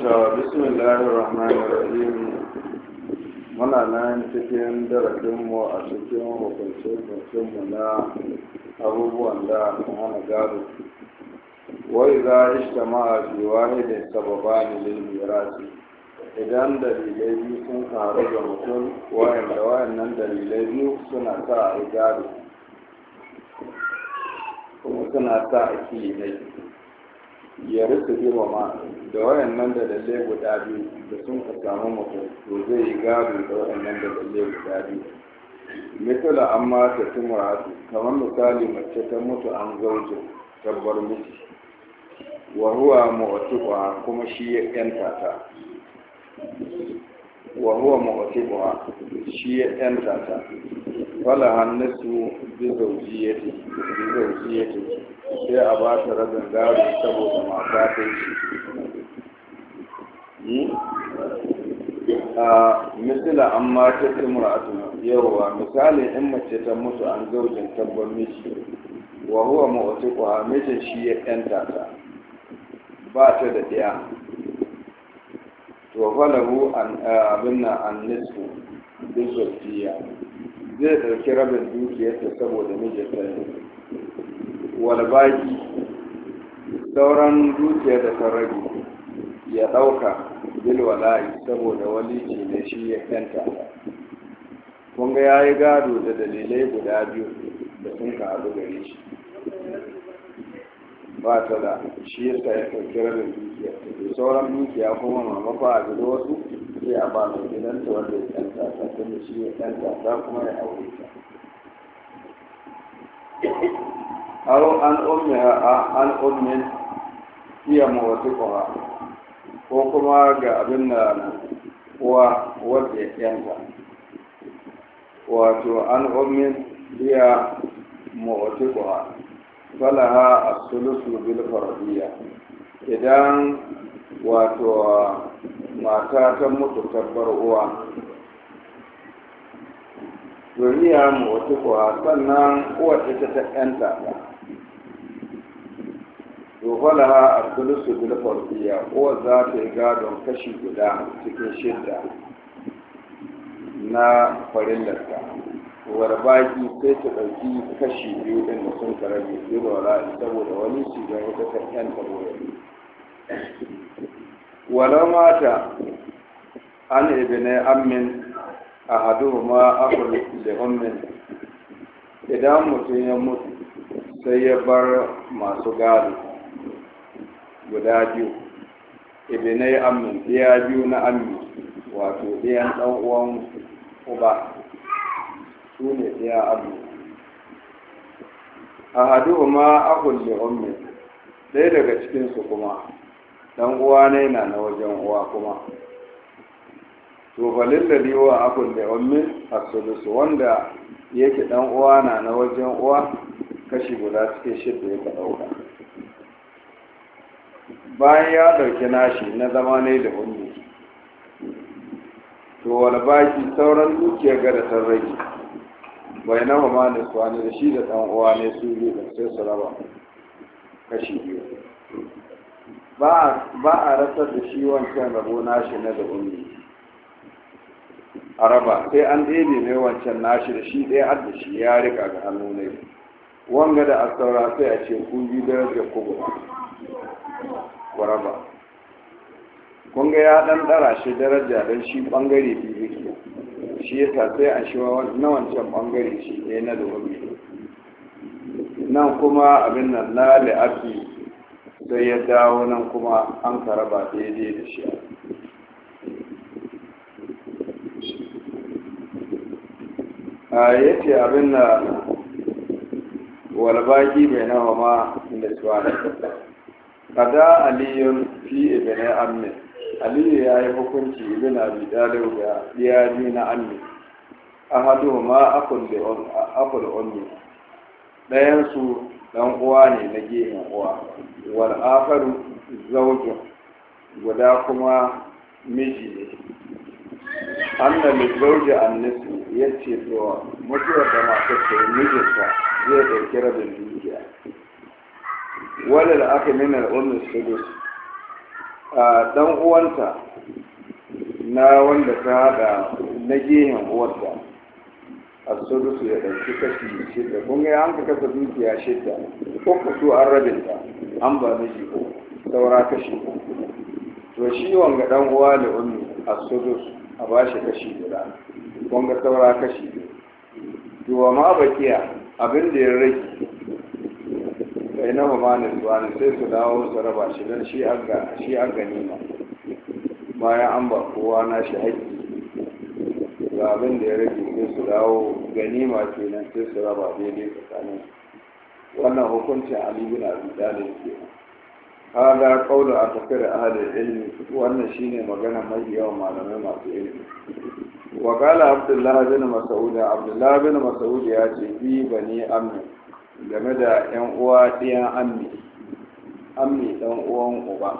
بسم الله الرحمن الرحيم muna nan cikin darajinmu a cikin hukunce-hukuncinmu na abubuwan da hana gado wai za a ishta ma'afi wani da sababa ne lilmirasi idan dalilai biyu sun karu da mutum wayan da wayannan dalilai biyu suna sa a gado kuma suna sa a kiyai ya rufe ma da wayan nan da lalle guda biyu da sun ka samu mako to zai yi gado da wayan nan da lalle guda biyu Misali amma ta tumuratu kamar misali mace ta mutu an zauce tabbar miki wa huwa mu'tiqa kuma shi ya yanta ta wa huwa mu'tiqa shi ya yanta ta wala hannisu bi zaujiyati bi zaujiyati sai a ba ta rabin gado saboda mata ta yi hmm? a misila an mata ta mura'atu yawa misali in mace ta mutu an zaujin tabbar miji wa huwa mu'tiqu ha mijin shi ya yanta ta ba ta da ɗaya to falahu an abinna an nisfu bi zaujiyati zai ɗauki rabin dukiyarsa saboda mijinta ne walbaki sauran dukiyar da ta rage ya ɗauka bilwala'i saboda wani ce ne shi ya kanta kun ya yi gado da dalilai guda biyu da sun haɗu gare shi ba ta da shi yasa ya ɗauki rabin dukiyar sauran dukiya kuma mamaka a wasu sai a ba mai gidanta wanda ya ɗan gasa kuma shi ya ɗan gasa kuma ya aure ta aro an a an ummin hiya kwa ko kuma ga abin da uwa wadda ya kyanta wato an ummin hiya mawatiquha falaha as-sulusu bil faradiyya idan wato mata ta mutu tabbar uwa duniya mu wata kuwa sannan uwar ita ta yanta ta ha a sulusu bilfarfiya uwar za ta yi gadon kashi guda cikin shidda na farin farillarta uwar baki sai ta ɗauki kashi biyu ɗin da sun karabe biyu da saboda wani shigar wata ta yanta wuri walau mata an ibine ammin a hadu ma akul da ummin idan mutum ya mutu sai ya bar masu gado guda biyu ibine ammin ɗaya biyu na ammi wato ɗayan ɗan uwan uba su ne ɗaya ammi a hadu ma akul da ummin ɗaya daga cikinsu kuma dan uwa ne na na wajen uwa kuma to falin da liwa abun da ummin asulusu wanda yake dan uwa na na wajen uwa kashi guda cikin shidda yake dauka bayan ya dauki nashi na zama ne da ummi to wal baki sauran dukiyar ga da san rage bai na ma da da shi da dan uwa ne su da sai su raba kashi biyu ba a rasar da shi wancan rabo nashi na da ummi a raba sai an ɗebe mai wancan nashi da shi ɗaya har da shi ya rika ga hannu ne wanga da a saura sai a ce kun bi da rage kubuwa ku raba kun ga ya ɗan ɗara shi daraja don shi ɓangare biyu yake shi yasa sai a shi na wancan ɓangare shi ɗaya na da ummi nan kuma abin nan na li'afi sai ya dawo nan kuma an karaba daidai da shi a ya ce abin na walbaki mai nawa ma da na kada aliyun fi ibn amme aliyu ya yi hukunci ibn abi dalib ga iyali na amme ahadu ma akul ummi su dan uwa ne na gehen uwa wal akharu zawjun guda kuma miji ne anna li zawji annisu yace to mutuwar da miji ta mijinta zai dauki rabin dukiya wala da aka min al-ummi sudus a dan uwanta na wanda ta hada na gehen uwarta a ya ɗauki kashi shida kun ga an ka kasa dukiya shida ko ku su an rabin ta an ba miji ko saura kashi to shi wanga dan uwa da ummi a a ba shi kashi guda kun ga saura kashi wa ma bakiya abin da ya rage Sai na mama ne zuwa ne sai su dawo su raba shi don shi an ganima bayan an ba kowa na shi haƙƙi ga abin da ya rage sai su dawo ganima kenan sai su raba daidai tsakanin wannan hukuncin ali bin abi talib kenan hada qawlu a ahli ilmi wannan shine magana mai yawan malamai masu ilimi wa qala abdullah bin mas'ud abdullah bin mas'ud ya ce bi bani ammi game da yan uwa ɗiyan ammi ammi dan uwan uba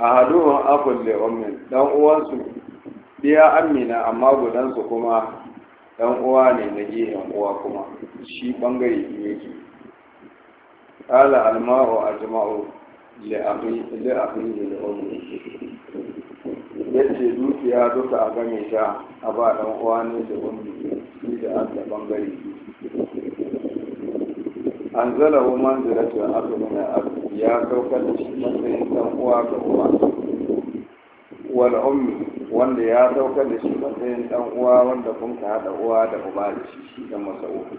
a haduwan abin da ummin dan uwansu biya amina amma gudansu kuma dan uwa ne na gehen uwa kuma shi bangare biyu yake ala almaru ajma'u li abi li abi li ummi yace dukiya duka a game ta a ba dan uwa ne da ummi shi da an da bangare an zala wa manzilatu abduna ya saukar da shi matsayin dan uwa ga uwa wal ummi wanda ya daukar da shi matsayin dan uwa wanda kun ka hada uwa da uba da shi shi da uku,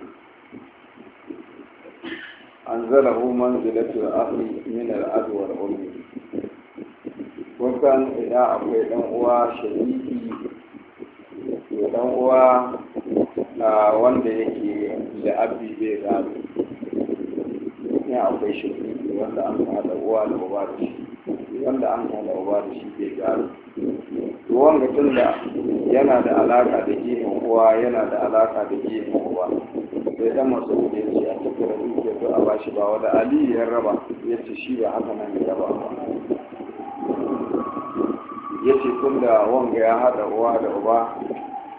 an zara human zilatul ahli min al'adu wal ummi kusan idan akwai dan uwa shariki dan uwa na wanda yake da abi bai gado ne akwai shariki wanda an hada uwa da uba da shi wanda an hada uba da shi bai gado Wanga tun tunda yana da alaka da gefen uwa yana da alaka da gefen uwa sai dan masu ya ce a cikin dukiya to a bashi ba wanda ali ya raba ya ce shi ba haka nan ya raba ba ya ce tunda wanga ya hada uwa da uba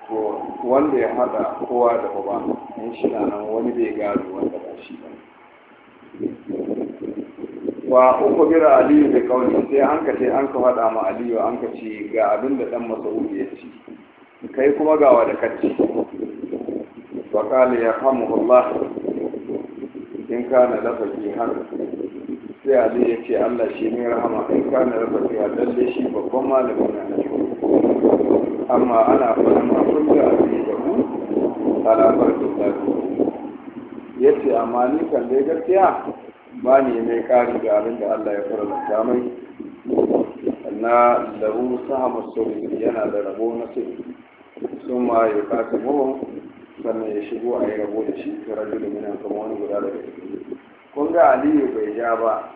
to wanda ya hada kowa da uba in shi nan wani bai gado wanda wa uku bira aliyu da kauli sai an ka an ka faɗa ma aliyu an ka ce ga abin da ɗan masarufi ya ci kai kuma ga wa da kacci wa kala ya kama Allah in ka na dafa ke har sai aliyu ya ce Allah shi ne rahama in ka na dafa ke har lalle shi babban malamin na ne amma ana faɗa ma kun ga aliyu da ku alamar da ya ce amma ni kan dai gaskiya ba ne mai ƙari da abin da Allah ya faranta mai na lahu sahamu sauri yana da rabo na sirri sun ma ya kasa mawa sannan ya shigo a yi rabo da shi ta rajin da minan kama wani guda daga ciki kun ga aliyu bai ja ba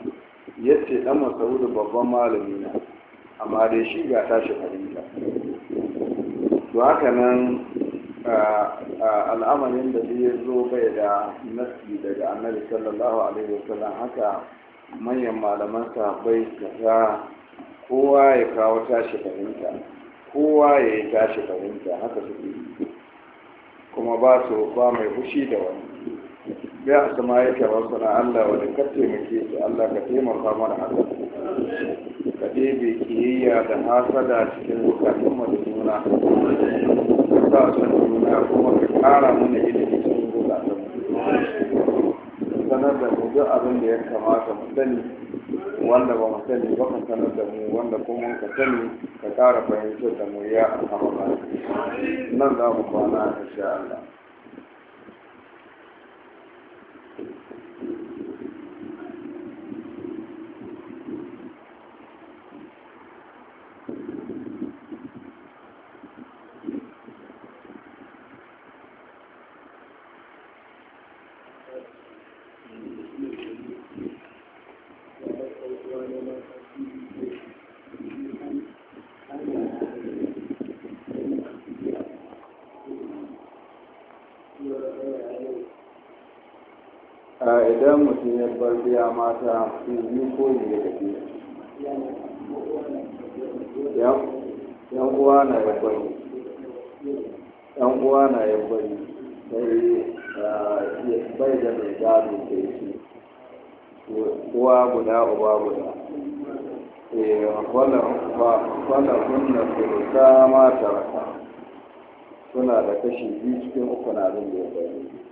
ya ce dan masaudu babban malami na amma dai shi ga tashi fahimta to haka nan ah, al'amarin da zai zo bai da nasi daga annabi sallallahu alaihi wasallam haka manyan malaman bai da ta kowa ya kawo tashi fahimta kowa ya yi tashi fahimta haka su yi kuma ba su ba mai fushi da wani ya asama yake wasu na Allah wani ka taimake su Allah ka taimaka mana haka ka ɗebe kiyayya da hasada cikin zukatun mu nuna. juna sa san juna kuma ƙara mana ilimi cikin zukatan mu sanar da mu duk abin da ya kamata mu sani wanda ba mu sani ba ka sanar da mu wanda kuma ka sani ka ƙara fahimtar da mu ya ba, nan za mu kwana insha Allah idan mutum ya bar biya mata yi ko ya tafi yan uwa na ya bari yan uwa na ya bari sai bai da mai gado da yake uwa guda uba guda wala hunna sulka ma taraka suna da kashi biyu cikin uku na abin da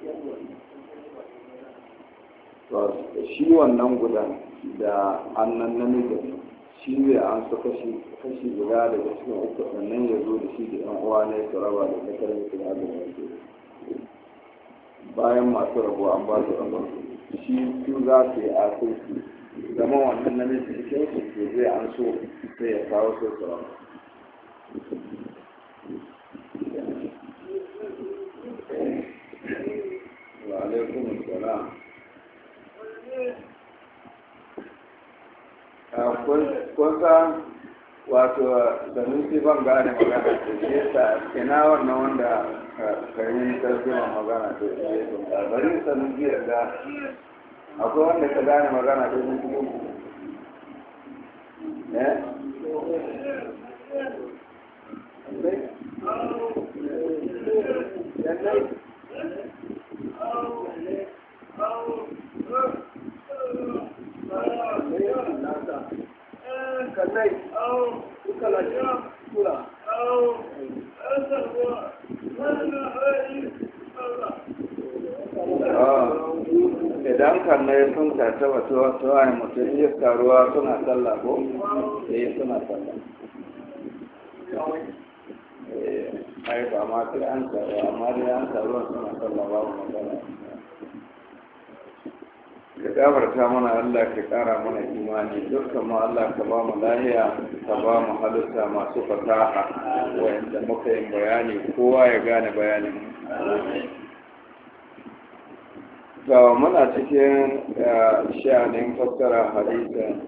ya bari shi wannan gudan da annan namijin shi ne an su kashi kashi guda daga cikin uku sannan ya zo da shi da yan uwa ne su raba da ta karfi da abin da bayan masu rabuwa an ba su rabon shi su za su yi asirki zama wannan namiji cikin su to zai an so sai ya kawo so sauran wa alaikum salam ah, kun san wato da nufi ban gane magana ta shi ta, ina wannan wanda ka karin tarjima magana ta shi yasa bari sanin biyar da akwai wanda ka gane magana ta sun ne ku ne? kowane mutum iya karuwa suna sallah ko da eh, ya suna sallah eh, ai ba ma sai an karuwa amma dai an karuwa suna sallah babu matsala ka gabarta mana Allah ka kara mana imani dukkan ma Allah ka ba mu lahiya ka ba mu halitta masu fasaha wa'anda muka yin bayani kowa ya gane bayanin to muna cikin eh, sha'anin fassara hadisin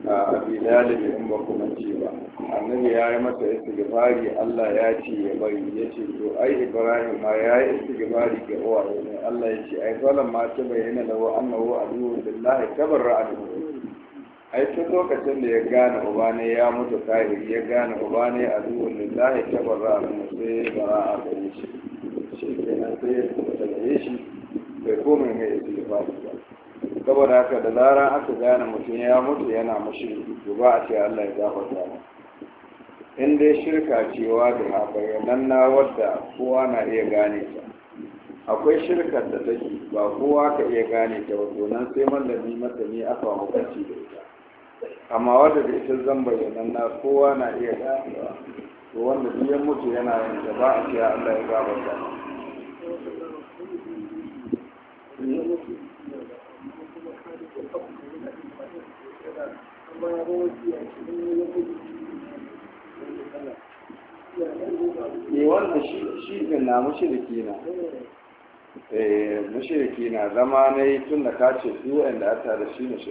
eh, a bilalibi in ba kuma ci ba annabi ya yi masa istighfari Allah ya ce ya bari ya ce to ai ibrahim ma ya yi istighfari ga uwaye ne Allah ya ce ai zalan ma ta bayyana lahu annahu aduwwu Lillahi kabar ra'adu ai tun lokacin da ya gane uba ne ya mutu kahiri ya gane uba ne aduwwu billahi kabar ra'adu sai bara'a gare shi shi na sai ya tabbata shi bai komai mai istighfari ba saboda haka da zarar aka gane mutum ya mutu yana mashi to ba a ce Allah ya gafarta mu in dai shirka cewa da na nan na wadda kowa na iya gane ta akwai shirkar da take ba kowa ka iya gane ta ba, nan sai mallami masani aka hukunci da ita amma wadda da ita zan bayyanan na kowa na iya gane to wanda biyan mutu yana yin da ba a ce Allah ya gafarta mu ne eh, wanda shi ne na na eh, na zama na yi tun da ka ce da shi ne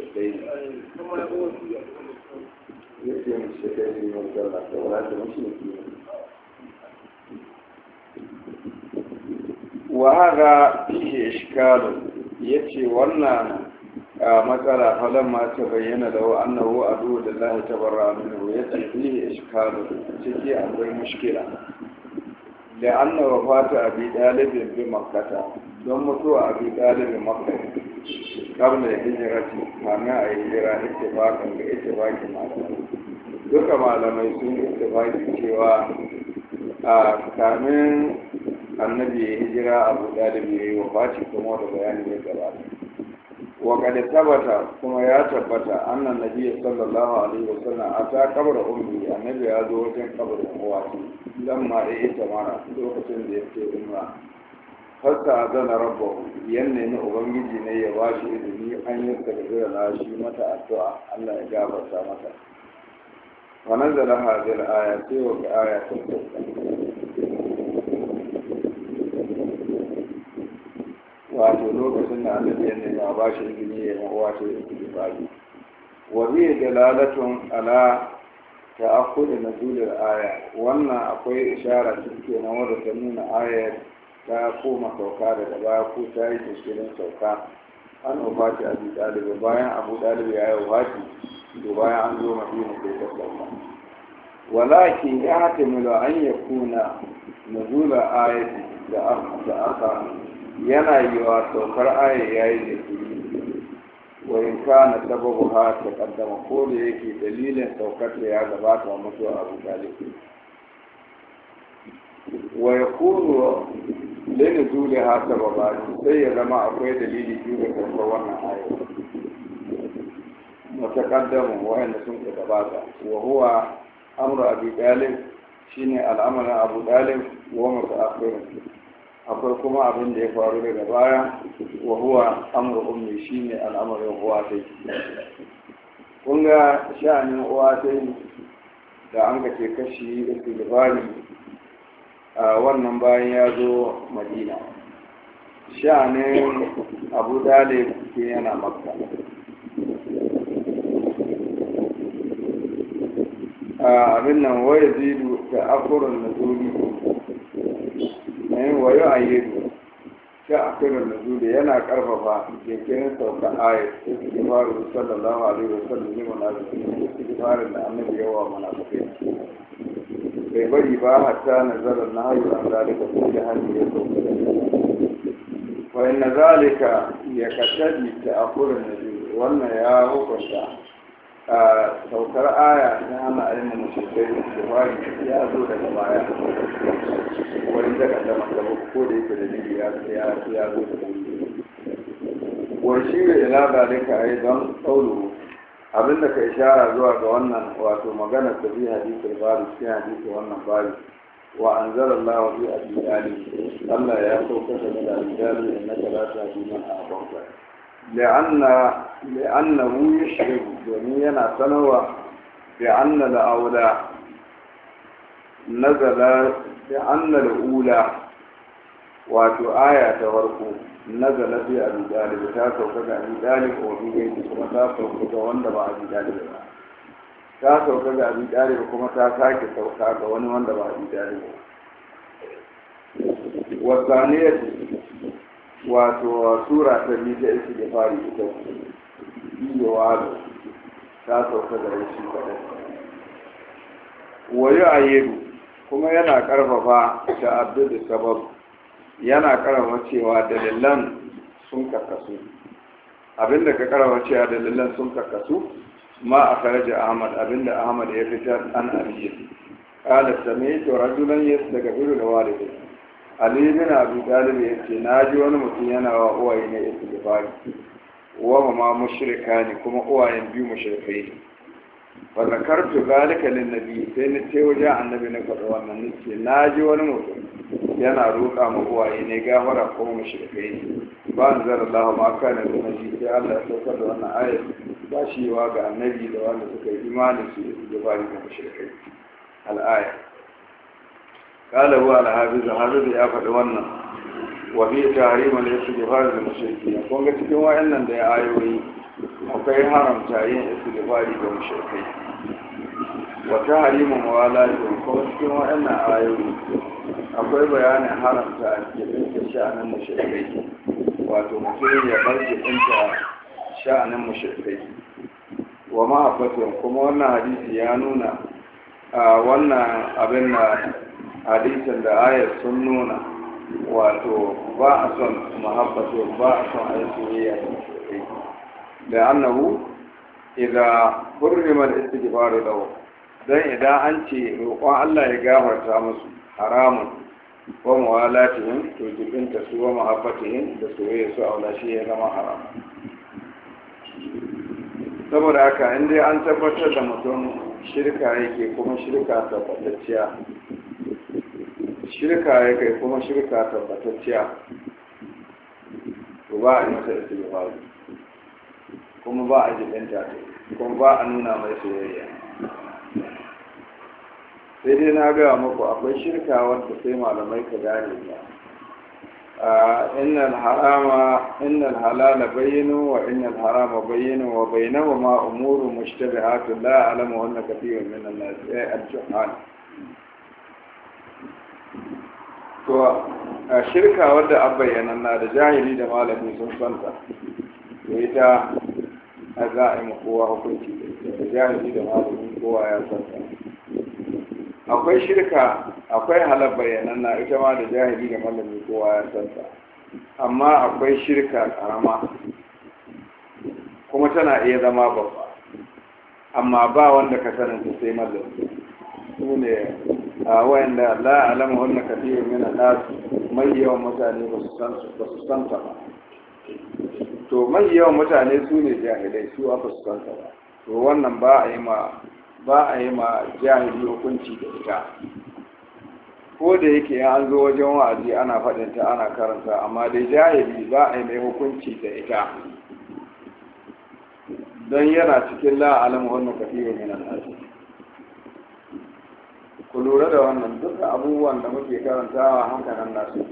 ne ya ce wannan matsala falon ma ta bayyana da wa annahu adu da lahi tabarra minhu ya tafi iskalu ciki akwai mashkila da anna wafata bi dalibin bi makkata don mutuwa bi dalibin makka kabla hijira ce, kana a hijira bakin da ita bakin mata duka malamai sun bakin cewa a kamin annabi ya hijira abu dalibin ya yi wafati kuma da bayani ya gabata wa kada tabbata kuma ya tabbata annan nabi sallallahu alaihi sallam a ta kabar ummi annabi ya zo wajen kabarin uwatu lamma ya yi tamara lokacin da ya ce umra fasta zana rabbahu yan nemi ubangiji ne ya bashi ilimi an yi tarbiyya na shi mata addu'a Allah ya gafarta mata wa nazala aya sai wato lokacin da annabi ya nema ba shi gini ya yi wato ya yi istighfari wa bi dalalatun ala ta'akhud nuzul al-aya wannan akwai ishara cikin na wanda ta nuna ayar ta koma sauka daga baya ko ta yi tashkirin sauka an wafati abu dalibi bayan abu dalibi ya yi wafati to bayan an zo madina sai ta sauka walakin ya hatamilu an yakuna nuzul aya da aka yana yi wa saukar da su yi wa in kana sababu ha ta kaddama ko da yake dalilin saukar da ya gabata wa mutuwa abu talib wa ya kuru lini zule ha sababa sai ya zama akwai dalili biyu da saukar wannan kaddama wayan da sun ka gabata wa huwa amru abi talib shine al'amarin abu talib wa mutaakhir akwai kuma abin da ya faru daga baya wa huwa amru ummi shine al'amarin uwa ta kun ga sha'anin uwa ta da an ga ce kashi istighfari a wannan bayan ya zo madina sha'anin abu dale ke yana makka abin nan waya zidu da akurin nazuri wa wayo a yi shi a da nuzuli yana karfafa jinkirin sauka ayat istighfaru sallallahu alaihi wa sallam ne munafiki istighfarin da annabi yawa mana munafiki bai bari ba hatta nazarar na hayu an zalika ko da hannu ya sauka da wa inna zalika ya katabi ta akurin nuzuli wannan ya hukunta a saukar aya ta hana alimin mushrikai istighfari ya zo daga baya wurin da kan zama zama ko da yake da jini ya ya ya zo da warshi da ila zalika ai don kaulu abin da ka ishara zuwa ga wannan wato magana ta bi hadisul bari cikin hadisi wannan bari wa anzalallahu bi abi ali Allah ya sauka da rijalu innaka la tahdi man ahbabta لأن لأنه يشرب يعني أنا سنوى بأن الأولى nazala bi annal ula wato aya ta farko nazala bi abi dalib ta sauka ga abi dalib wa bi yake kuma ta sauka ga wanda ba abi dalib ba ta sauka ga abi dalib kuma ta sake sauka ga wani wanda ba abi dalib ba wa saniyatu wato sura ta biyu ta isi da fari ita biyu wa ta sauka ga shi kaɗai wa yi a kuma yana karfafa da abdul sabab yana karfafa cewa dalilan sun karkasu abinda ka karfafa cewa dalilan sun karkasu ma a faraja ahmad abinda ahmad ya fitar an aliyu kala sami to rajulan ya daga biyu da walidai ali bin abu talib ya ce na ji wani mutum yana wa uwaye na istighfari uwa ma mushrika ne kuma uwayen biyu mushrikai ne fa zakartu zalika lin nabi sai na ce wajen annabi na faɗa wannan nake na ji wani mutum yana roƙa ma uwaye ne gafara ko mu shi kai ba an zara Allah ma kana da nabi sai Allah ya saukar da wannan ayat ba shi wa ga annabi da wanda suka yi imani su da bani da mushrikai al-aya kala huwa al-hafiz hafiz ya faɗi wannan Wani wa da tahrim al-istighfar lil mushrikin kun ga cikin wayannan da ya ayoyi akwai haramta yin istighfari ga mushrikai wa tahrim mawalati kuma cikin wayannan ayoyi akwai bayanin haramta jibinta sha'anin mushrikai wato mutum ya bar jibinta sha'anin mushrikai wa mahabbatun kuma wannan hadisi ya nuna a wannan abin na hadisin da ayar sun nuna wato ba a son mahabbatu ba a son a da kai da annahu idza hurrimal istighfaru lahu dan idan an ce roƙon Allah ya gafarta musu haramun ko mawalatihim to ta su wa mahabbatihim da soyayya su aula shi ya zama haram saboda haka in dai an tabbatar da mutum shirka yake kuma shirka tabbatacciya shirka ya kai kuma shirka tabbatacciya to ba a yi masa istighfari kuma ba a jibinta ta kuma ba a nuna mai soyayya sai dai na gaya muku akwai shirka wanda sai malamai ka gane ba innal harama innal halala bayyinu wa innal harama bayyinu wa bainahuma umurun mushtabihatun la ya'lamu anna kathiran min an-nas ay eh, al-juhal to a shirka wadda an bayyana na da jahili da malami sun santa ya yi ta a za a yi kowa hukunci da jahili da malami kowa ya santa akwai shirka akwai halar bayyana na ita ma da jahili da malami kowa ya santa amma akwai shirka karama kuma tana iya zama babba amma ba wanda ka sanin sai malami su ne a wayanda la wani hunna kathirun mena, na mai yawan mutane ba su san ba to mai yawan mutane su ne jahilai su aka su san ba to wannan ba a yi ma ba a yi ma jahili hukunci da ita ko da yake an zo wajen wa'azi ana faɗinta ta ana karanta amma dai jahili ba a yi mai hukunci da ita don yana cikin la'alama wani hunna kathirun min an ku lura da wannan duk abubuwan da muke karantawa hankalin nasu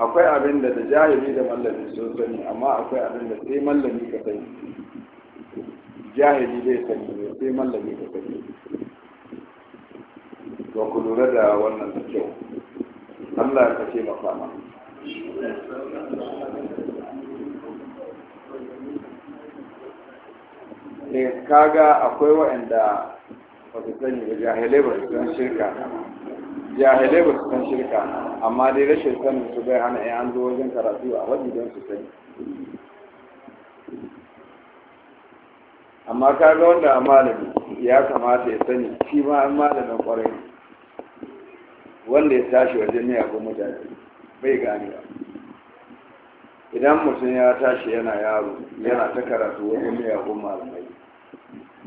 akwai abin da da jahili da mallami sun sani amma akwai abin da sai mallami ka sani jahili zai sani ne sai mallami ka sani to ku lura da wannan da kyau Allah eh, ka ce mafama ma kaga akwai waɗanda Ya su ba jahilai ba su san shirka jahilai ba su san shirka amma dai rashin sanin su bai hana ya an zo wajen karatu a wajen don su sani amma ka ga wanda a malami ya kamata ya sani shi ma an malamin kwarai wanda ya tashi wajen ne abu mutane bai gane ba idan mutum ya tashi yana yaro yana ta karatu wajen ne abu malamai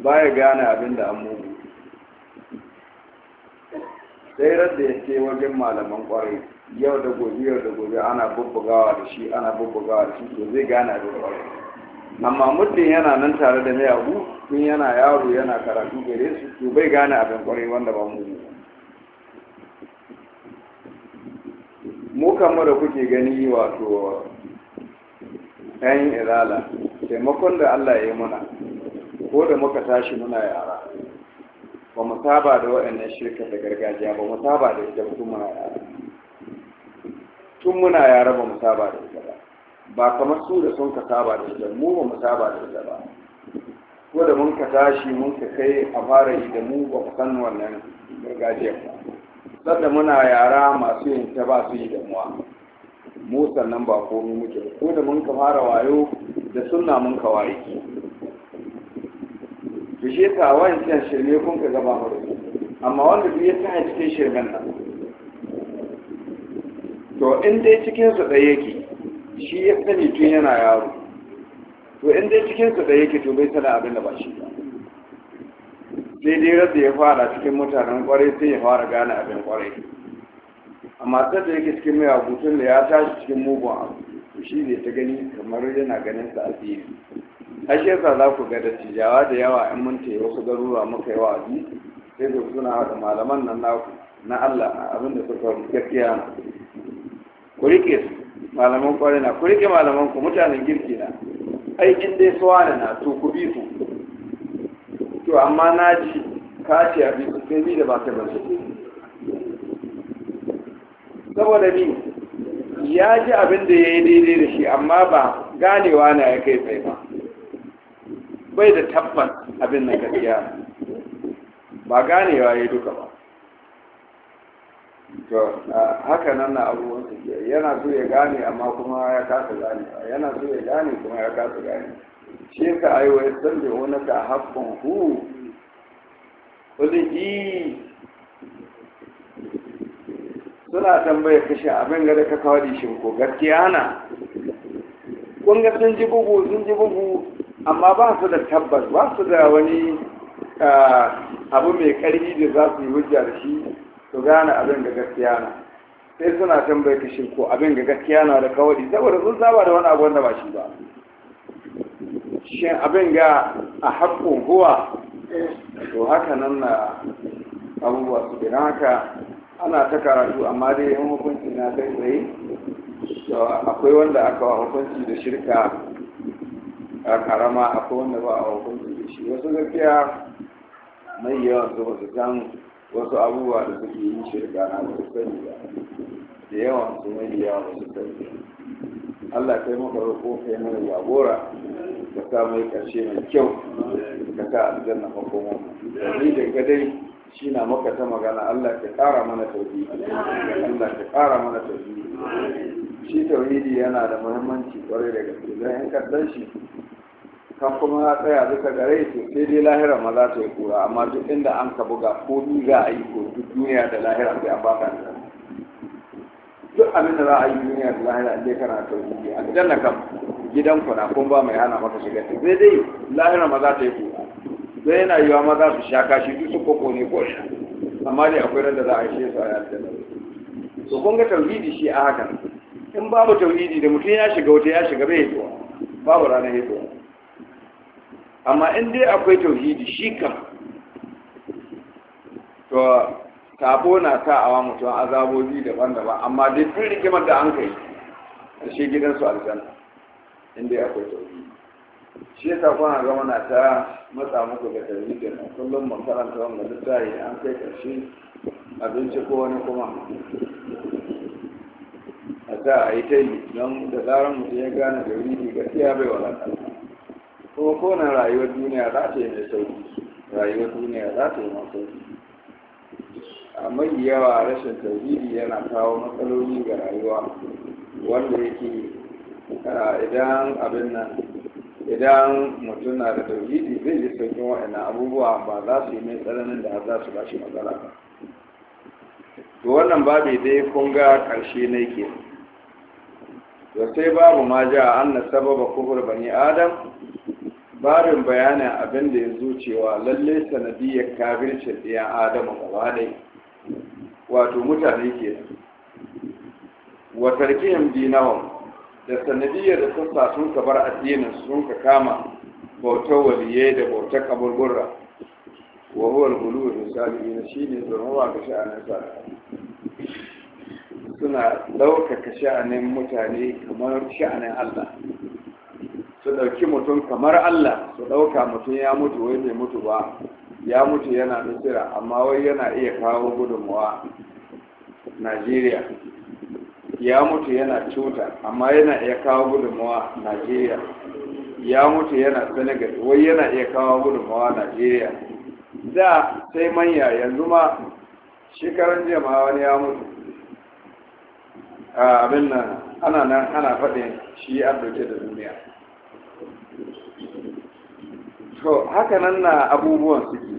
ya gane abin da an mugu sai radda ya ke wajen malaman kwarai yau da gobe yau da gobe ana bubbugawa da shi ana bubbugawa da shi to zai gana da kwarai amma muddin yana nan tare da mayagu tun yana yaro yana karatu gare su to bai gane abin kwarai wanda ba mu mu kamar da kuke gani wato ɗan irala taimakon da Allah ya yi muna ko da muka tashi muna yara ba mu saba da waɗannan shirka da gargajiya ba mu saba da ita kuma muna yara tun muna yara ba mu saba da ita ba ba kamar su da sun ka saba da ita mu ba mu saba da ita ba ko da mun ka tashi mun ka kai a fara yi da mu ba mu san wannan gargajiyar ba sanda muna yara masu yin ta ba su yi damuwa mu sannan ba komai muke ko da mun ka fara wayo da sunna mun ka waye to shi yasa kyan shirme kun ka gaba mu amma wanda duk ya tsaya cikin shirmen nan to in dai cikin su ɗaya yake shi ya sani tun yana yaro to in dai cikin su ɗaya yake to bai sana abin da ba shi ba sai dai rasa ya fara cikin mutanen kwarai sai ya fara gane abin kwarai amma ta da yake cikin mai abutun da ya tashi cikin mugun abu shi ne ta gani kamar yana ganin sa asiri ashe sa za ku ga da tijawa da yawa in mun taya wasu garuruwa muka yi wa'azi sai da suna haɗa malaman nan naku na Allah a abin da suka gaskiya ku rike su malaman kwarai na ku rike malaman ku mutanen girki na ai in dai suwa na to ku bi su to amma na ji ka ce a bi su sai bi da ba ta ba saboda ni ya ji abin da ya yi daidai da shi amma ba ganewa na ya kai tsaye ba bai da tabbas abin na gaskiya ba ganewa ya duka ba to haka nan na abubuwan su yana so ya gane amma kuma ya kasa ba. yana so ya gane kuma ya kasa gane shi ka ayi wa yasan da wani ka haƙƙin hu wani yi suna tambayar kashe abin ga ka kawo da shi ko gaskiya na kun ga sun ji bugu sun ji bugu amma ba su da tabbas ba su da wani abu mai karfi da za su yi hujja da shi su gane abin da gaskiya na sai suna tambaye ka shi ko abin da gaskiya na da kawai saboda sun saba da wani abu wanda ba shi ba shin abin ga a haƙƙo huwa to haka nan na abubuwa su na haka ana ta karatu amma dai yan hukunci na kai tsaye akwai wanda aka wa hukunci da shirka a karama akwai wanda ba a hukuncin da shi wasu gaskiya mai yawan su wasu san wasu abubuwa da suke yi shirka na wasu sani ba da yawan su mai yawan wasu sani Allah kai maka roƙo kai mana jagora ka sa mai ƙarshe mai kyau ka sa aljanna makoma ni da gadai shi na maka ta magana Allah ka ƙara mana tauhidi Allah ka ƙara mana tauhidi shi tauhidi yana da muhimmanci kwarai da gaske don in ka shi kan kuma na tsaya duka gare to sai dai lahira ma za ta yi kura amma duk inda an ka buga ko ni za a yi ko duk duniya da lahira sai an baka da duk abin da za a yi duniya da lahira in kana kana tauhidi a gidan na kan gidan ku na kun ba mai hana maka shiga ta sai dai lahira ma za ta yi kura sai yana yiwa wa maza su sha kashi duk su koko ne ko sha amma dai akwai ran da za a ishe su a yadda to kun ga tauhidi shi a hakan in babu tauhidi da mutum ya shiga wuta ya shiga bai yi babu ranar yi amma in dai akwai tauhidi shi kan to sabo na ta awa mutum azabobi daban-daban amma dai tun rikimar da an kai a shi gidansu aljanna in dai akwai tauhidi shi sa kwana zama na ta matsa muku ga tauhidin kullum makaranta karanta wannan littafi an kai karshe abinci ko wani kuma a ta a yi ta yi don da zarar mutum ya gane da wuri gaskiya bai wadata kuma kowane rayuwar duniya za ta yi mai sauki rayuwar duniya za ta yi mai sauki mai yawa rashin tauhidi yana kawo matsaloli ga rayuwa wanda yake idan abin nan idan mutum na da tauhidi zai yi sauƙin wa'ina abubuwa ba za su yi mai tsananin da za su bashi matsala ba to wannan babi dai kun ga ƙarshe na ke to sai babu ma ja an na sababa kufur bani adam barin bayanin abin da ya zucewa lalle sanadiyar kafircin ɗiyan Adama gaba dai wato mutane ke wa tarkiyin dinawa da sanadiyar da sassa sun ka bar addinin sun ka kama bautar waliye da bautar kaburgurra wa huwa al-ghulu fi shi shine zuwa ga sha'anin sa suna ɗaukaka sha'anin mutane kamar sha'anin Allah su ɗauki mutum kamar Allah su ɗauka mutum ya mutu wai bai mutu ba ya mutu yana misira amma wai yana iya kawo gudunmawa Najeriya ya mutu yana cuta amma yana iya kawo gudunmawa Najeriya ya mutu yana Senegal wai yana iya kawo gudunmawa Najeriya da sai manya yanzu ma shekaran jama'a wani ya mutu ah, abin nan ana nan ana faɗin shi ya da duniya to haka nan na abubuwan suke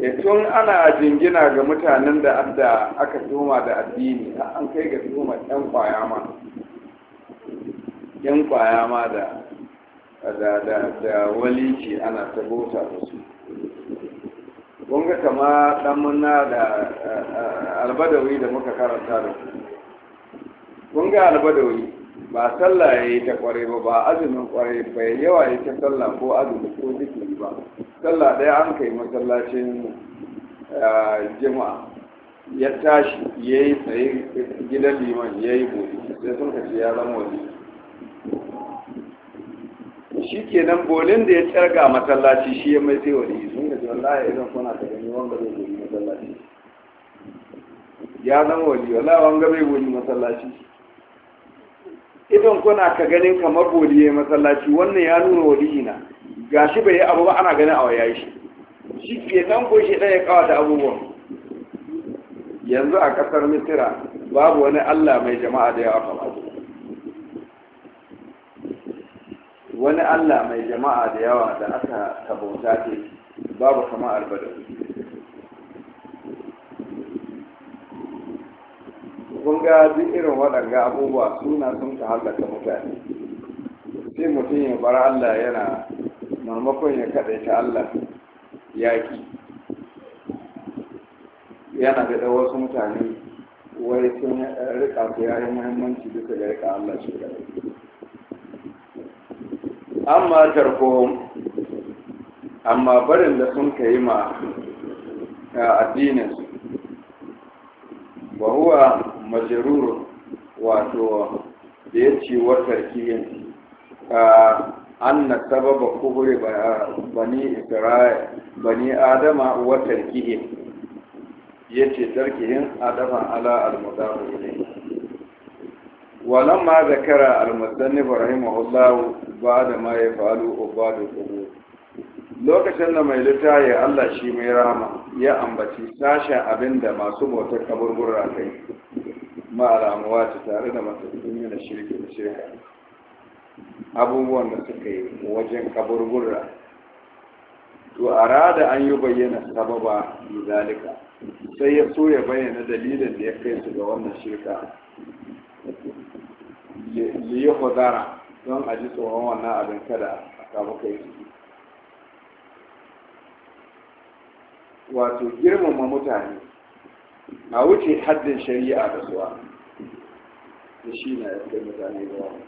eh, tun ana jingina ga mutanen da adda aka tuma da addini an kai ga tuma yan kwaya ma yan kwaya ma da da da da walici ana tabota da su gonga kama dan munna da eh, eh, albadawi da muka karanta da ku gonga albadawi ba sallah ya yi ta kware ba ba azumin kwarai bai yawa ya ta sallah ko azumin ko jiki ba sallah ɗaya an kai masallacin jima'a ya tashi ya yi tsaye gidan liman ya yi bude sai sun kace ya zama wani shi ke nan bolin da ya tsarga masallaci shi ya mai sai wani sun kace wallahi idan kuna ta gani wanda zai boli masallaci ya zama wani wallahi wanga zai boli masallaci idan kuna ka ganin kamar waliye masallaci wannan ya nuna waliyi na shi bai yi abu ba ana ganin awa yayi shi shi ke nan ko shi ɗaya da abubuwan yanzu a ƙasar misira babu wani allah mai jama'a da yawa kamar wani allah mai jama'a da yawa da aka tabauta ce babu kama albada kun ga duk irin waɗanga abubuwa suna sun ka hallaka mutane sai mutum ya bar Allah yana maimakon ya kaɗaita Allah yaƙi yana da wasu mutane wai sun rika su yi muhimmanci duka da rika Allah shi da amma tarko amma barin da sun ka yi ma addinin su wa huwa majarur wato da ya ce watar kiyin an na sababa kuhure bani isra'il bani adama watar kiyin ya ce tarkihin adama ala almudafu ilai walamma zakara almusannifu rahimahullahu ba da ma ya faru ubadu kubu lokacin da mai littaye Allah shi mai rama ya ambaci sashen abin da masu bautar kaburbura kai ma'aramuwa ta tare da matattu na shirki da shirka abubuwan da suka yi wajen kaburbura to a rada an yi bayyana sababa yi zalika sai ya so ya bayyana dalilin da ya kai su ga wannan shirka liya hudara don a ji tsoron wannan abin kada a kamu kai su wato girmama mutane a wuce haddin shari'a da zuwa da shi na ya mutane da wani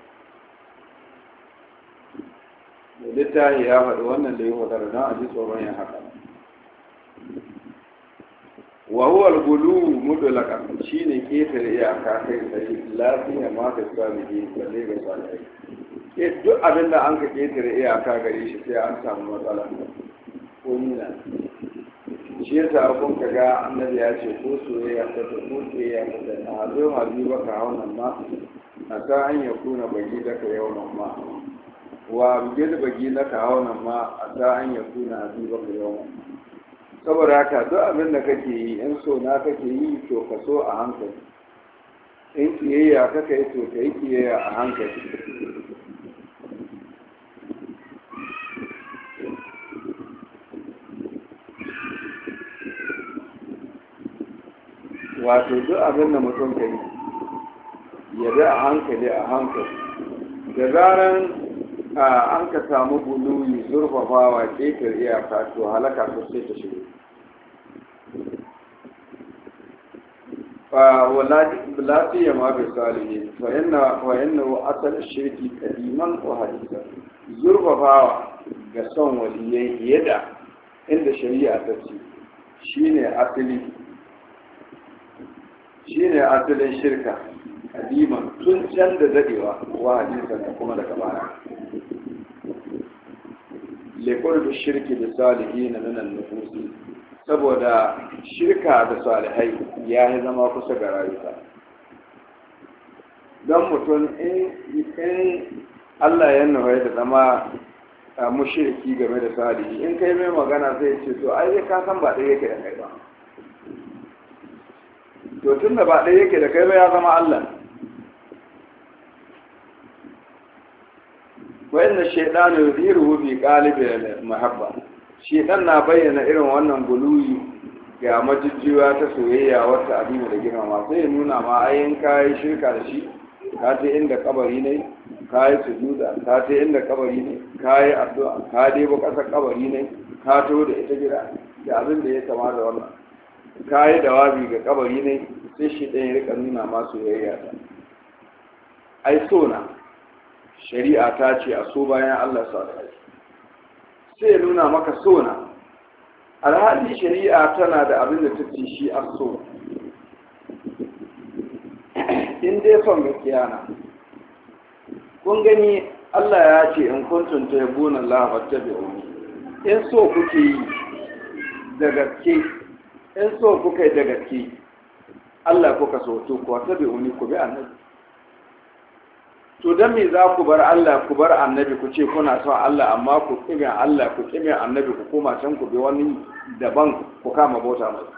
da littafi ya faɗi wannan da ya hotar don a ji tsoron yin haka wa huwa al-gulu mudlaka shine ketare iyaka kai sai lafiya ma ta sami ne balle ga salai ke eh, duk abin da an ka ketare iyaka gare shi sai an samu matsala ko nuna shi yasa abun ka ga annabi ya ce ko soyayya ta ta ya soyayya ta ta na hazo hazi baka haunan ma a ta hanyar kuna bagi yau yawon ma wa da bagi daga haunan ma a ta hanyar kuna kuna hazi baka yawon saboda haka duk abin da kake yi in so na kake yi to ka so a hankali in kiyayya kaka yi to ka yi kiyayya a hankali wato duk abin da mutum ka yi ya bi a hankali a hankali da zaran an ka samu buluyi zurfafawa ƙetar iyaka to halaka sosai ta shigo ولا سيما بالصالحين فإن فإنه أصل الشرك قديما وحديثا زرففاوا ga son waliyai yadda inda shari'a ta ce shine asali shi ne asalin shirka kadiman tun can da dadewa wa hadisan da kuma daga baya lekurbi shirki da salihi na nanan nufusi saboda shirka da salihai ya yi zama kusa ga rayuka don mutum in allah ya nufa da zama mushirki game da salihi in kai mai magana zai ce to ai ka san ba ɗaya yake da kai ba to tun da ba ɗaya yake da kai ba ya zama Allah na shaidanu yuziruhu fi qalibi mahabba shaidan na bayyana irin wannan guluyi ga majijjiwa ta soyayya wata abin da girmama sai ya nuna ma ayin kayi shirka da shi ka je inda kabari ne ka yi sujuda ka je inda kabari ne ka yi addu'a ka debo kasa kabari ne ka to da ita gida da abin da ya kama da wannan ka yi dawabi ga kabari ne sai shi ɗan ya rika nuna masu yayya ta ai so na shari'a ta ce a so bayan Allah sa ta sai ya nuna maka so na alhali shari'a tana da abin da ta ce shi a so in dai son gaskiya na kun gani Allah ya ce in yabo na Allah fattabi'uni in so kuke yi da gaske in so kuka yi da gaske Allah kuka so to kuwa sabi uni ku bi annabi to dan me za ku bar Allah ku bar annabi ku ce kuna son Allah amma ku kimi Allah ku kimi annabi ku koma can ku bi wani daban ku kama bauta mai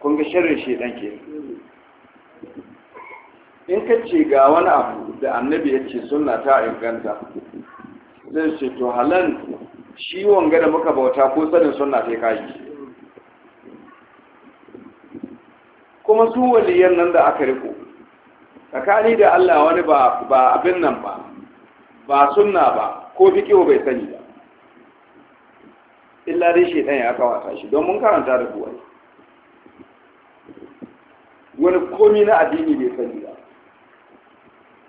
kun ga shi dan ke in ka ce ga wani abu da annabi ya ce sunna ta inganta zai ce to halan shi wanga da muka bauta ko sanin sunna sai kayi kuma su waliyan nan da aka riko tsakani da Allah wani ba ba abin nan ba ba sunna ba ko fikiyo bai sani ba illa dai shedan ya kawata shi don mun karanta da kuwa wani komi na addini bai sani ba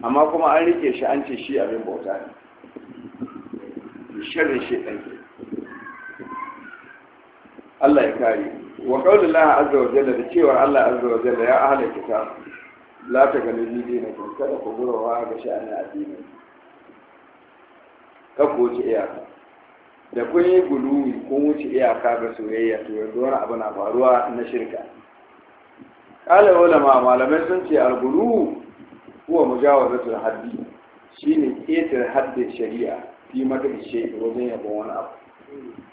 amma kuma an rike shi an ce shi abin bauta ne sharrin shi ke Allah ya kare mu wa qaulullahi azza wa jalla da cewa Allah azza wa jalla ya ahli kitab la ta gani ni na kun kada ku ga sha'anin addini ka ku wuce iyaka da kun yi guluwi kun wuce iyaka ga soyayya to yanzu wani abu na faruwa na shirka kala ulama malamai sun ce al-gulu huwa mujawazatul haddi shine ƙetare haddin shari'a fi mata da wajen yabon wani abu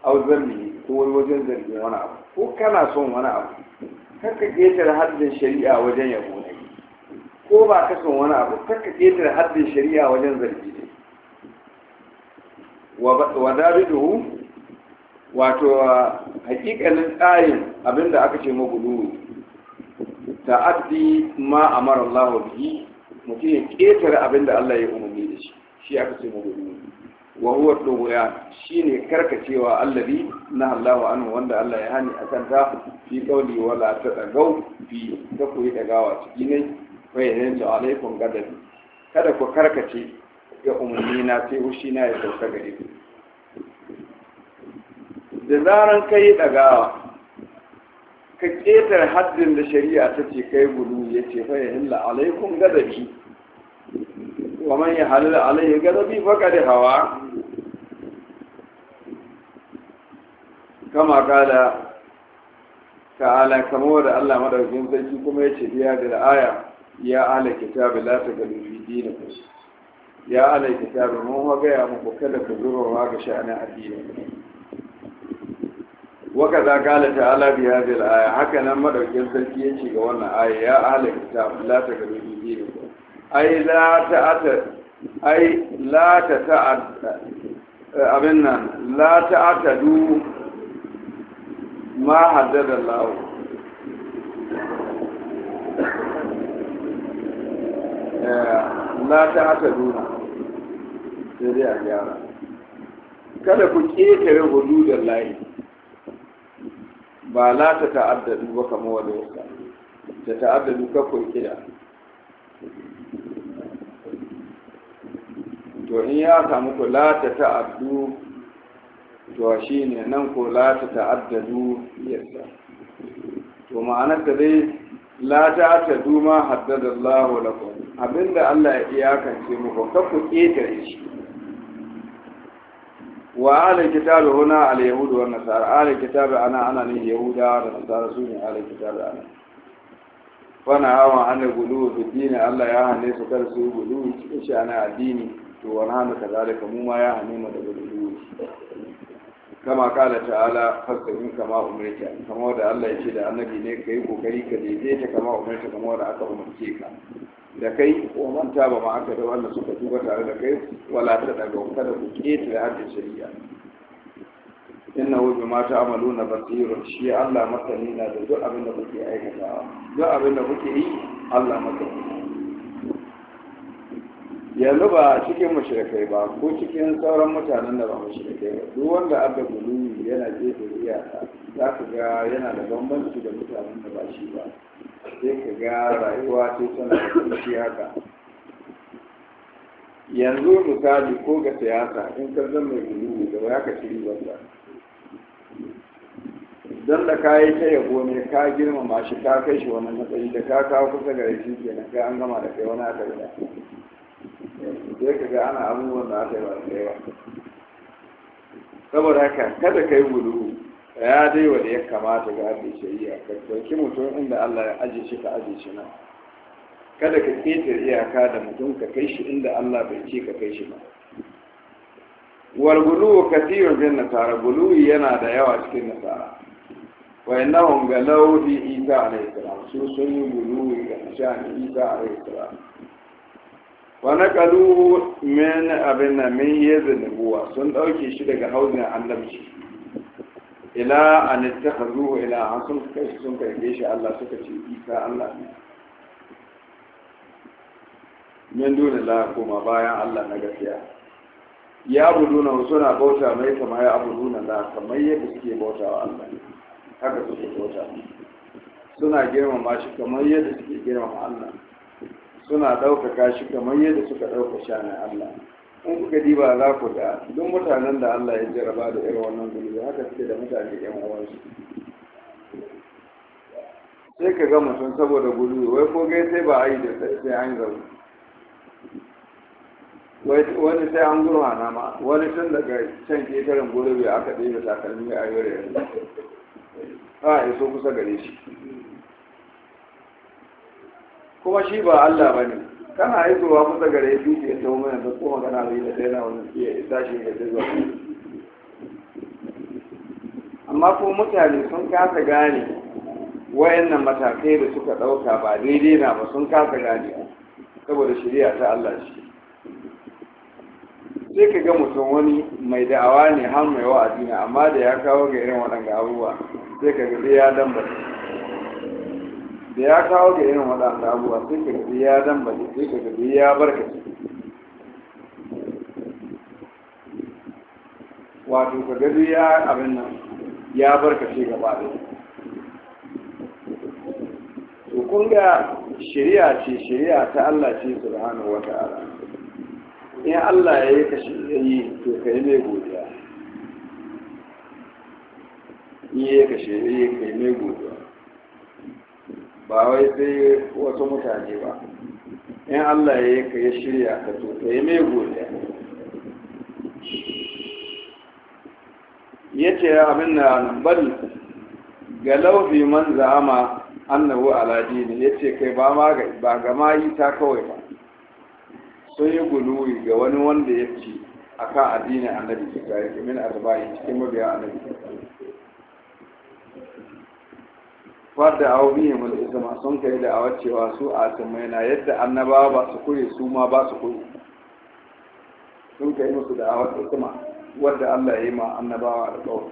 au zanni ko wani wajen zargin wani abu ko kana son wani abu kakka ƙetare haddin shari'a wajen yabo ne ko ba ka son wani abu kakka ƙetare haddin shari'a wajen zargi ne wa dabiduhu wato hakikanin tsarin abinda aka ce magulu ta'addi ma amara Allah bihi mutum ya ƙetare abinda Allah ya umarni da shi shi aka ce magulu wa huwa dubuya shine karkacewa allabi na Allahu anhu wanda Allah ya hani akan ta fi kauli wala ta dagau fi da ku dagawa ciki ne fa yayin ta alaikum gadabi kada ku karkace ga umarni na sai ushi na ya sauka gare ku da zaran kai dagawa ka ketar haddin da shari'a ta ce kai gudu ya ce fa yayin la alaikum gadabi wa man ya halala alaihi gadabi faqad hawa kama kala ta'ala kamar da Allah madaukakin sarki kuma ya biya da aya ya ala kitabi la tagalu fi dinikum ya ala kitabi mun waga ya muku kada ku zuba ga sha'anin addini waka za kala ta'ala biya da aya haka nan madaukakin sarki ya ce ga wannan aya ya ala kitabi la tagalu fi dinikum ai la ta'ata ai la ta'ata abin nan la ta'ata du ma haddada lawo eh, la ta'ata duna sai dai a gyara kada ku ƙetare hududar layi ba la ta ta'addadu ba kamar wani ya ta ta'addadu kakwai kira to in ya samu ku la ta ta'addu to shi ne nan ko la ta ta'addu yadda to ma'anar da dai la ta ta'addu ma haddada Allah lakum abinda Allah ya iyakance muku ka ku keta shi wa ala kitabu huna al yahud wa nasara ala kitabu ana ana ne yahuda da nasara su ne ala kitabu ana Fana hawa ana gulu fi dini Allah ya hane su kar su gulu cikin shi addini to wani hannu ka zalika mu ma ya hane mu da gulu kama kala ta'ala fasahin kama umarta kama da Allah ya ce da annabi ne ka yi kokari ka daidaita kama umarta kama da aka umarce ka da kai umanta ba ma aka da wanda suka tuba tare da kai wala ta daga kada ku ketare haddin shari'a inna wa bima ta'maluna basir shi Allah masani na da duk abin da kuke aikatawa duk abin da kuke yi Allah masani yanzu ba cikin mushrikai ba ko cikin sauran mutanen da ba mushrikai ba duk wanda abda guluwi yana da iyaka za ka ga yana da bambanci da mutanen da ba shi ba sai ka ga rayuwa ce tana da kunshi haka yanzu misali ko ga siyasa in ka zama mai guluwi da ba ya ka ci ribar don da ka yi ta yabo ne ka girmama shi ka kai shi wani matsayi da ka kawo kusa ga shi nan ga an gama da kai wani aka gida sai ka ga ana abubuwan da aka yi ba da yawa saboda haka kada ka yi gudu ya dai wanda ya kamata ga abin shari'a ka ɗauki mutum inda Allah ya aje shi ka aje shi nan kada ka ƙetare iyaka da mutum ka kai shi inda Allah bai ce ka kai shi ba wal gulu kathirun bin nasara gulu yana da yawa cikin nasara wayannahum ga nauhi isa alayhi salam su sun yi guluwi ga nishani isa alayhi salam wa naqalu min abin min yadi nubuwa sun dauke shi daga hauzin annabci ila an ittakhadhu ila asun sun kai shi Allah suka ce isa Allah ne min dunillah kuma bayan Allah na gaskiya ya abuduna suna bauta mai kamar ya abuduna da kamar yadda suke bautawa wa Allah haka suke kyauta suna girmama shi kamar yadda suke girmama Allah suna ɗaukaka shi kamar yadda suka ɗauka shanin Allah in kuka diba za ku ga duk mutanen da Allah ya jaraba da irin wannan zunubi haka suke da mutane yan uwansu sai ka ga mutum saboda gudu wai ko gai sai ba a yi da sai an zaune wani sai an gurma nama wani tun daga can ketaren gurbi bai aka ɗaya takalmi a yau yanzu a iso kusa gare shi kuma shi ba Allah ba ne kana aizowa kusa gare shi ke ta mana da kuma kana bai da daina wani iya isa shi ga zuwa amma ko mutane sun kasa gane wayannan matakai da suka ɗauka ba daidai na ba sun kasa gane saboda shari'a ta Allah shi sai ka ga mutum wani mai da'awa ne har mai wa'azi ne amma da ya kawo ga irin waɗanda abubuwa sai ka gaɗe ya dambace da ya kawo ga irin waɗanda abuwa sai ka gaɗe ya dambace sai ka gaɗe ya barka wato ka gaɗe ya abin nan ya barka ce gaba da to kun ga shari'a ce shari'a ta Allah ce su hannu wa ta'ala in Allah ya yi ka shi yi to ka yi mai godiya iya ka shebe kai mai gobe ba wai sai wasu mutane ba in allah ya ka ya shirya ka to ka yi mai gobe ya ce abin na bal galau fi man za'ama annabu ala dini ya ce kai ba ma ba ga mayi ta kawai ba sun yi guluwi ga wani wanda ya a kan addinin annabi su ga min arba'in cikin mabiya annabi wadda a wani yamma da isma sun kai da cewa su a samaina yadda annabawa ba su kure su ma ba su kure sun kai musu da awar isma wadda Allah ya yi ma annabawa da kawai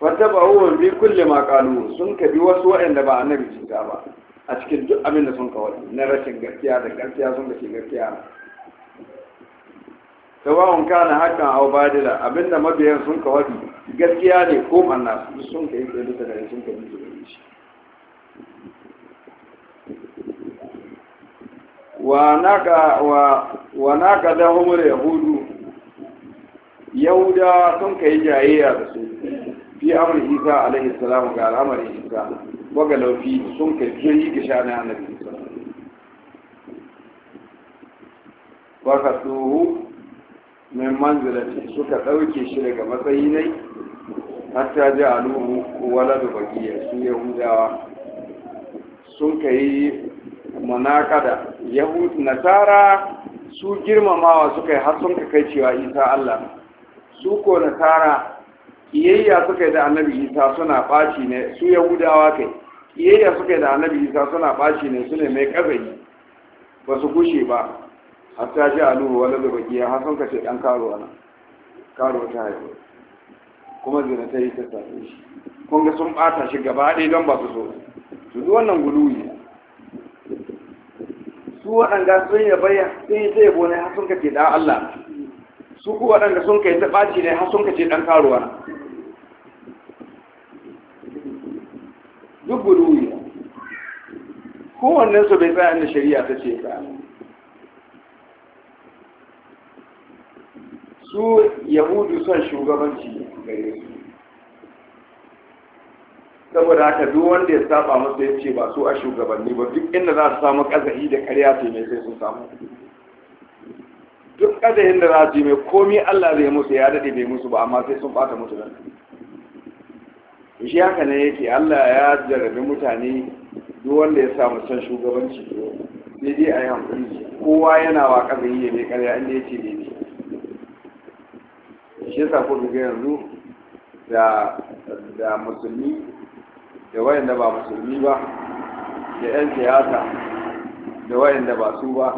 wadda ba bi kulle ma kalu sun ka bi wasu waɗanda ba annabi sun ka ba a cikin duk abin da sun ka wani na rashin gaskiya da gaskiya sun ka ce gaskiya tawawun kana hakan au badila abinda mabiyan sun ka wani gaskiya ne ko manna su sun kai tsaye duka da sun kai mutu da shi wa na ka wa naka da hudu? yahudu yahuda sun kai jayayya da su fi amur isa alaihi salamu ga al'amar isa waga laufi sun kai jiri ga na annabi isa ka tsohu. min manzilati suka ɗauke shi daga matsayi ne hatta ji a aluhu wala da bagiya su yahudawa sun ka yi munakada yahud nasara su girmamawa suka kai har sun ka kai cewa isa allah su ko nasara kiyayya suka yi da annabi isa suna ɓaci ne su yahudawa kai kiyayya suka yi da annabi isa suna ɓaci ne su ne mai ƙazari ba su gushe ba hatta ji aluhu wala da ya har ka ce dan karo na, karo ta haihu kuma zina ta yi ta same shi kun ga sun bata shi gaba ɗaya don ba su so su duk wannan guluwi su waɗanda sun ya bayan sun yi ta yabo ne har sun kace dan Allah su ku waɗanda sun kai ta ɓaci ne har sun kace dan karuwa na duk guluwi kowannensu bai tsaya inda shari'a ta ce tsaya su yahudu son shugabanci gare su saboda haka duk wanda ya saba masu ya ce ba su a shugabanni ba duk inda za su samu kazahi da karya ce mai sai sun samu duk kazahin da za su yi mai komi Allah zai musu ya daɗe mai musu ba amma sai sun bata mutu nan shi haka ne yake Allah ya jarabi mutane duk wanda ya samu son shugabanci sai dai a yi hankali kowa yana wa kazahi ya mai karya inda ya ce bai shi yasa ko ga yanzu da da musulmi da wayanda ba musulmi ba da yan siyasa da wayanda ba su ba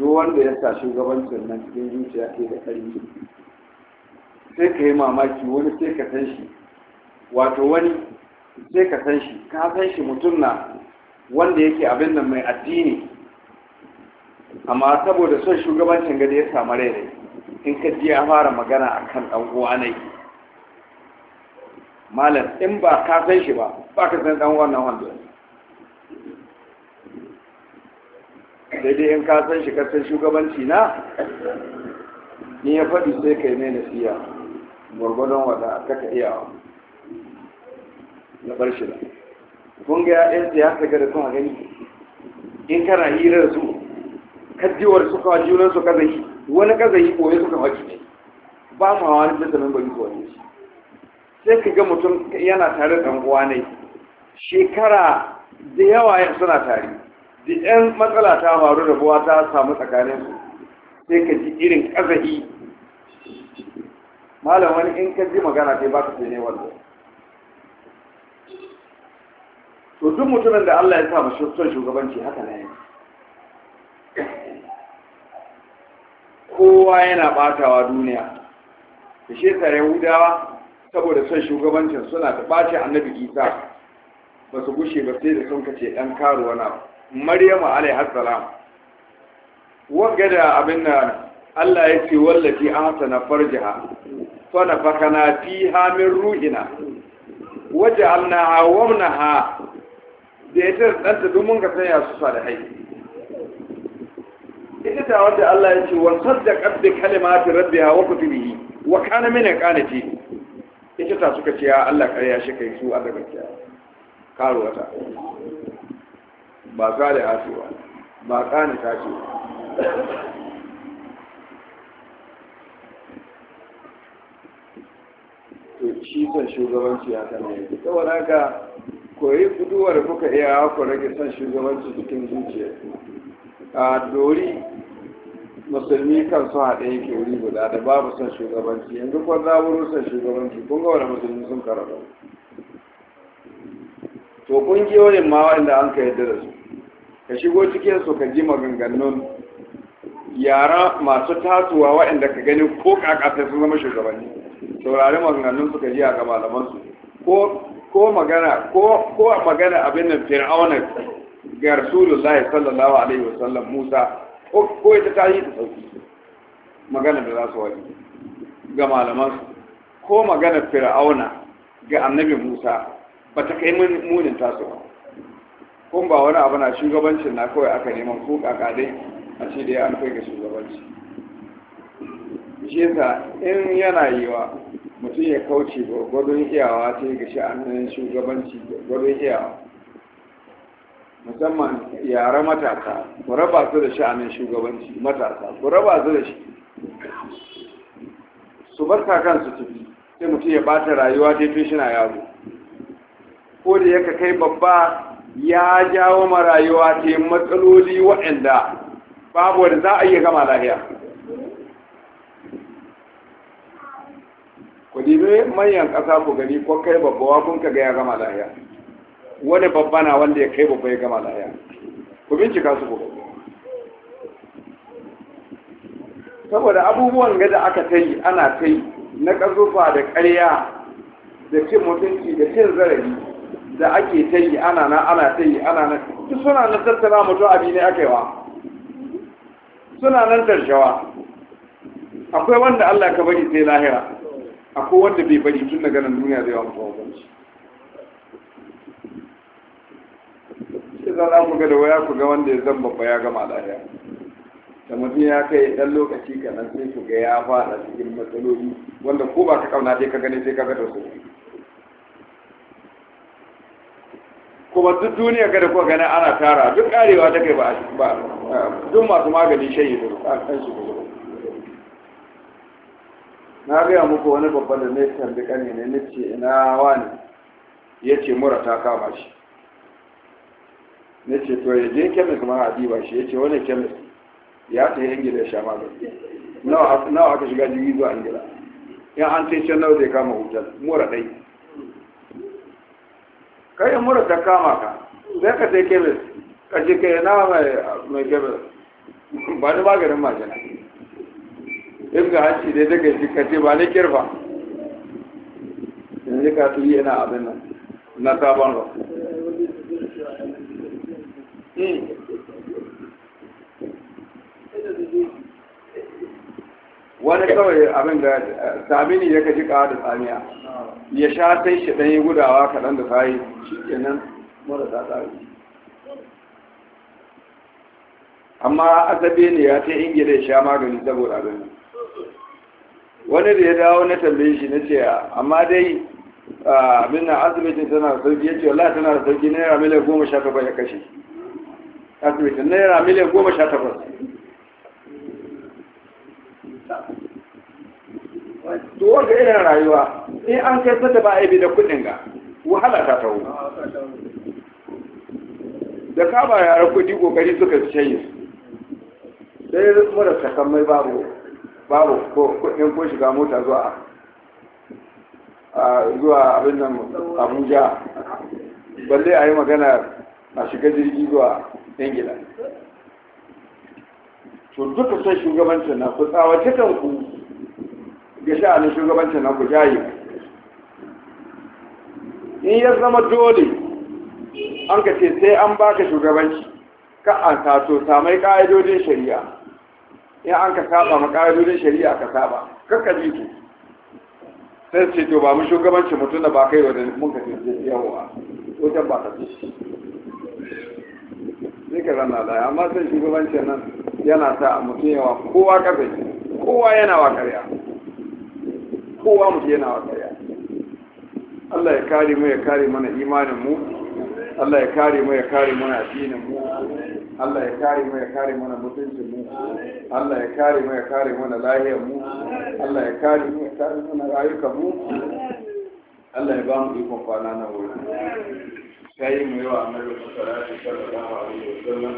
duk wanda ya sa shugabancin nan cikin zuciya ke da ƙarfi sai ka yi mamaki wani sai ka san shi wato wani sai ka san shi ka san shi mutum na wanda yake abin nan mai addini amma saboda son shugabancin gada ya samu rai in ka ji ya fara magana a kan ɗan'uwa ne malam in ba ka san shi ba ba ka san ɗan'uwa nan wanda daidai in ka san shi kasar shugabanci na ni ya faɗi sai ka yi mai nasiya gwargwadon wata kaka iyawa na bar shi da kun ga ya'yan siyasa ga da sun a gani in kana hirar su kajiwar su kawai junan su ka yi wani yi boye suka faɗi ne ba mu hawa wani bisa nan bari zuwa ne. sai ka ga mutum yana tare da uwa ne shekara da yawa suna tare da yan matsala ta faru da buwa ta samu tsakanin su sai ka ji irin kazahi malam wani in ka ji magana sai ba ka sai ne wanda to duk mutumin da Allah ya sa mu son shugabanci haka na yi. kowa yana batawa duniya da shekar yahudawa saboda son shugabancin suna ta a annabi isa ba su gushe ba sai da sun kace ɗan karuwa na maryama alaihassalam wagga da abin da allah ya ce wallafi a hasana farjiha fana fakana fi hamin ruhina wajen alna ha ha da ya ce ɗanta domin ka sanya su sa da ita wanda Allah ya ce wa saddaqat rabbi kalimati rabbiha wa kutubihi wa kana min qanati ita ta suka ce ya Allah kariya shi kai su azaba kiya karo wata ba sale asuwa ba kani ta ce to shi son shugabanci ya ne? yake saboda ka koyi kuduwar kuka iya ku rage son shugabanci cikin zuciya a dori musulmi kan su haɗe yake wuri guda da babu son shugabanci yanzu kwan zaburo son shugabanci kun ga wani musulmi sun karatu to ƙungiyoyin ma wanda an ka yadda da su ka shigo cikin su ka ji maganganun yara masu tasowa waɗanda ka gani ko kakasa sun zama shugabanni saurari maganganun suka ka ji a ga malamansu ko magana ko magana abin nan fir'aunar ga rasulullahi sallallahu alaihi wasallam musa ko ita ta yi ta sauki magana da za su waje ga su, ko magana fir'auna ga annabi musa ba ta kai munin tasu ba kun ba wani abu na shugabancin na kawai aka neman ko kakade a ce da ya an kai ga shugabanci shi in yana yiwa mutum ya kauce gwargwadon iyawa sai ga sha'anin shugabanci gwargwadon iyawa musamman yara matasa ku raba su da sha'anin shugabanci matasa ku raba su da shi su barka kansu su tafi sai mutum ya bata rayuwa dai tun shi na yaro ko da yaka kai babba ya jawo ma rayuwa ta matsaloli waɗanda babu wani za a iya gama lahiya ku dibe manyan ƙasa ku gani ko kai babbawa kun ka ga ya gama lahiya wani babba na wanda ya kai babba ya gama laya ku bincika su ku saboda abubuwan gada aka ta yi ana ta yi na ƙarfafa da ƙarya da cin mutunci da cin zarafi da ake ta yi ana na ana ta yi ana na duk suna nan tattara a abi ne aka wa suna nan tarshawa akwai wanda Allah ka bari sai lahira akwai wanda bai bari tun daga nan duniya zai wa mutuwa hukunci za a ku ga da waya ku ga wanda ya zan babba ya gama lahiya ta mutum ya kai dan lokaci kaɗan sai ku ga ya fada cikin matsaloli wanda ko ba ka kauna sai ka gani sai ka ga da su kuma duk duniya kada kuka gani ana tara duk karewa ta kai ba ba duk masu magani shayi da kan shi na gaya muku wani babban da ne da kan ne ce ina wani yace mura ta kama shi na ce to ya je kemis ma a diba shi ya ce wani kemis ya ta yi ingila ya sha magani nawa aka shiga jirgi zuwa ingila yan an ce can nawa zai kama hotel mura ɗai kai yi mura ta kama ka zai ka sai kemis ka ce kai na mai kemis ba ni maganin jana in ga hanci dai daga shi ka ce ba ni kirfa yanzu ka tuyi yana abin nan na sabon ba wani kawai abin da samini ya kaji kawa da tsamiya ya sha sai shi ɗanyi gudawa kaɗan da kayi shi kenan marasa tsari amma asabe ne ya ta ingila ya sha magani saboda abin wani da ya dawo na tambayi shi na ce amma dai ah, abin na asibitin tana da sauki ya ce wala tana da sauki yara miliyan goma sha kafa ya kashe asibiti naira miliyan goma sha takwas to wanda irin rayuwa in an kai sata ba aibi da kudin ga wahala ta taho da ka ba yara kudi kokari suka fi shayi sai marasa sakan mai babu babu ko kudin ko shiga mota zuwa zuwa abin nan abuja balle a yi magana a shiga jirgi zuwa ingila to duka son shugabancin na ku tsawace kanku ga sha'anin shugabancin na ku jaye in ya zama dole an ka ce sai an baka shugabanci ka an tato samai ƙa'idodin shari'a in an ka saba ma ƙa'idodin shari'a ka saba kakka bi ku sai ce to ba mu shugabanci mutum da ba kai wa da mun ka ce yawa ko ba ka ce sai rana da amma sai shugabancin nan yana sa mutum yawa kowa kafe kowa yana wa karya kowa mutum yana wa karya Allah ya kare mu ya kare mana imanin mu Allah ya kare mu ya kare mana addinin mu Allah ya kare mu ya kare mana mutuncin mu Allah ya kare mu ya kare mana lahiyar mu Allah ya kare mu ya kare mana rayukan mu Allah ya ba mu ikon kwana na wuri ta yi mai wa annabi sallallahu alaihi wasallam